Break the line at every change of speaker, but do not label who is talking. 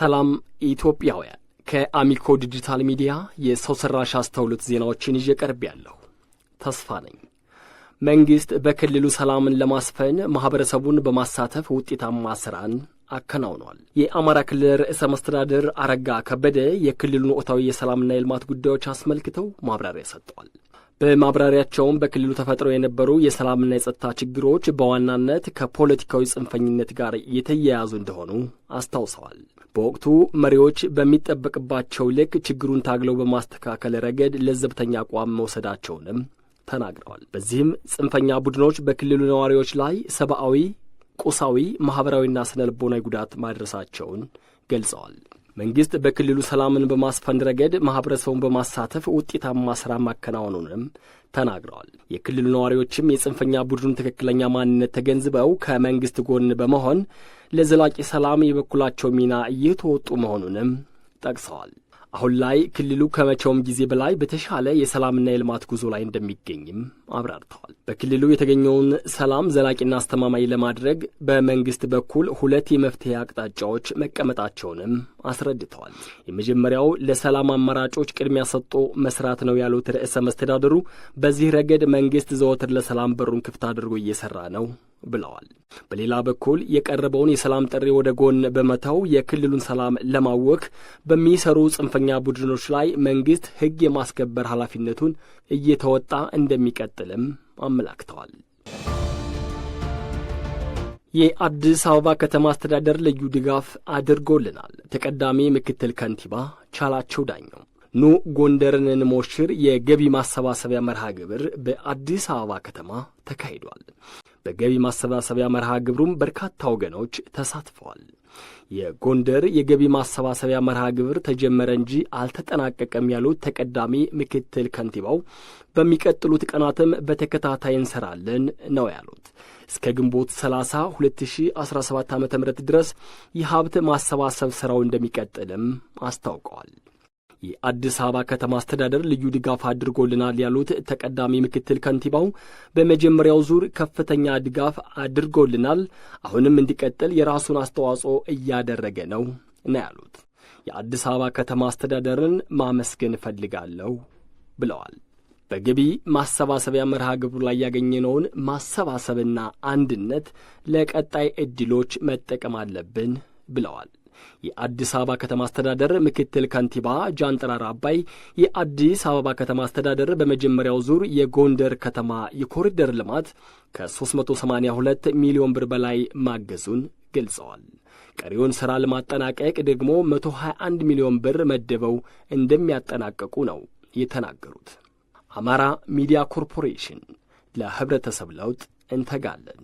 ሰላም ኢትዮጵያውያን፣ ከአሚኮ ዲጂታል ሚዲያ የሰው ሠራሽ አስተውሎት ዜናዎችን ይዤ ቀርብ ያለሁ ተስፋ ነኝ። መንግሥት በክልሉ ሰላምን ለማስፈን ማኅበረሰቡን በማሳተፍ ውጤታማ ሥራን አከናውኗል። የአማራ ክልል ርዕሰ መስተዳድር አረጋ ከበደ የክልሉን ወቅታዊ የሰላምና የልማት ጉዳዮች አስመልክተው ማብራሪያ ሰጥተዋል። በማብራሪያቸውም በክልሉ ተፈጥረው የነበሩ የሰላምና የጸጥታ ችግሮች በዋናነት ከፖለቲካዊ ጽንፈኝነት ጋር የተያያዙ እንደሆኑ አስታውሰዋል። በወቅቱ መሪዎች በሚጠበቅባቸው ልክ ችግሩን ታግለው በማስተካከል ረገድ ለዘብተኛ አቋም መውሰዳቸውንም ተናግረዋል። በዚህም ጽንፈኛ ቡድኖች በክልሉ ነዋሪዎች ላይ ሰብአዊ፣ ቁሳዊ፣ ማኅበራዊና ስነ ልቦናዊ ጉዳት ማድረሳቸውን ገልጸዋል። መንግስት በክልሉ ሰላምን በማስፈን ረገድ ማህበረሰቡን በማሳተፍ ውጤታማ ስራ ማከናወኑንም ተናግረዋል። የክልሉ ነዋሪዎችም የጽንፈኛ ቡድኑን ትክክለኛ ማንነት ተገንዝበው ከመንግስት ጎን በመሆን ለዘላቂ ሰላም የበኩላቸው ሚና እየተወጡ መሆኑንም ጠቅሰዋል። አሁን ላይ ክልሉ ከመቼውም ጊዜ በላይ በተሻለ የሰላምና የልማት ጉዞ ላይ እንደሚገኝም አብራርተዋል። በክልሉ የተገኘውን ሰላም ዘላቂና አስተማማኝ ለማድረግ በመንግስት በኩል ሁለት የመፍትሄ አቅጣጫዎች መቀመጣቸውንም አስረድተዋል። የመጀመሪያው ለሰላም አማራጮች ቅድሚያ ሰጥቶ መስራት ነው ያሉት ርዕሰ መስተዳድሩ በዚህ ረገድ መንግስት ዘወትር ለሰላም በሩን ክፍት አድርጎ እየሰራ ነው ብለዋል። በሌላ በኩል የቀረበውን የሰላም ጥሪ ወደ ጎን በመተው የክልሉን ሰላም ለማወክ በሚሰሩ ጽንፈኛ ቡድኖች ላይ መንግስት ህግ የማስከበር ኃላፊነቱን እየተወጣ እንደሚቀጥልም አመላክተዋል። የአዲስ አበባ ከተማ አስተዳደር ልዩ ድጋፍ አድርጎልናል። ተቀዳሚ ምክትል ከንቲባ ቻላቸው ዳኘው ኑ ጎንደርን እንሞሽር የገቢ ማሰባሰቢያ መርሃ ግብር በአዲስ አበባ ከተማ ተካሂዷል። በገቢ ማሰባሰቢያ መርሃ ግብሩም በርካታ ወገኖች ተሳትፈዋል። የጎንደር የገቢ ማሰባሰቢያ መርሃ ግብር ተጀመረ እንጂ አልተጠናቀቀም ያሉት ተቀዳሚ ምክትል ከንቲባው በሚቀጥሉት ቀናትም በተከታታይ እንሰራለን ነው ያሉት። እስከ ግንቦት 30 2017 ዓ ም ድረስ የሀብት ማሰባሰብ ሥራው እንደሚቀጥልም አስታውቀዋል። የአዲስ አበባ ከተማ አስተዳደር ልዩ ድጋፍ አድርጎልናል ያሉት ተቀዳሚ ምክትል ከንቲባው በመጀመሪያው ዙር ከፍተኛ ድጋፍ አድርጎልናል፣ አሁንም እንዲቀጥል የራሱን አስተዋጽኦ እያደረገ ነው ነው ያሉት። የአዲስ አበባ ከተማ አስተዳደርን ማመስገን እፈልጋለሁ ብለዋል። በገቢ ማሰባሰቢያ መርሃ ግብሩ ላይ ያገኘነውን ማሰባሰብና አንድነት ለቀጣይ ዕድሎች መጠቀም አለብን ብለዋል። የአዲስ አበባ ከተማ አስተዳደር ምክትል ከንቲባ ጃንጥራር አባይ የአዲስ አበባ ከተማ አስተዳደር በመጀመሪያው ዙር የጎንደር ከተማ የኮሪደር ልማት ከ382 ሚሊዮን ብር በላይ ማገዙን ገልጸዋል። ቀሪውን ሥራ ለማጠናቀቅ ደግሞ 121 ሚሊዮን ብር መድበው እንደሚያጠናቀቁ ነው የተናገሩት። አማራ ሚዲያ ኮርፖሬሽን ለህብረተሰብ ለውጥ እንተጋለን።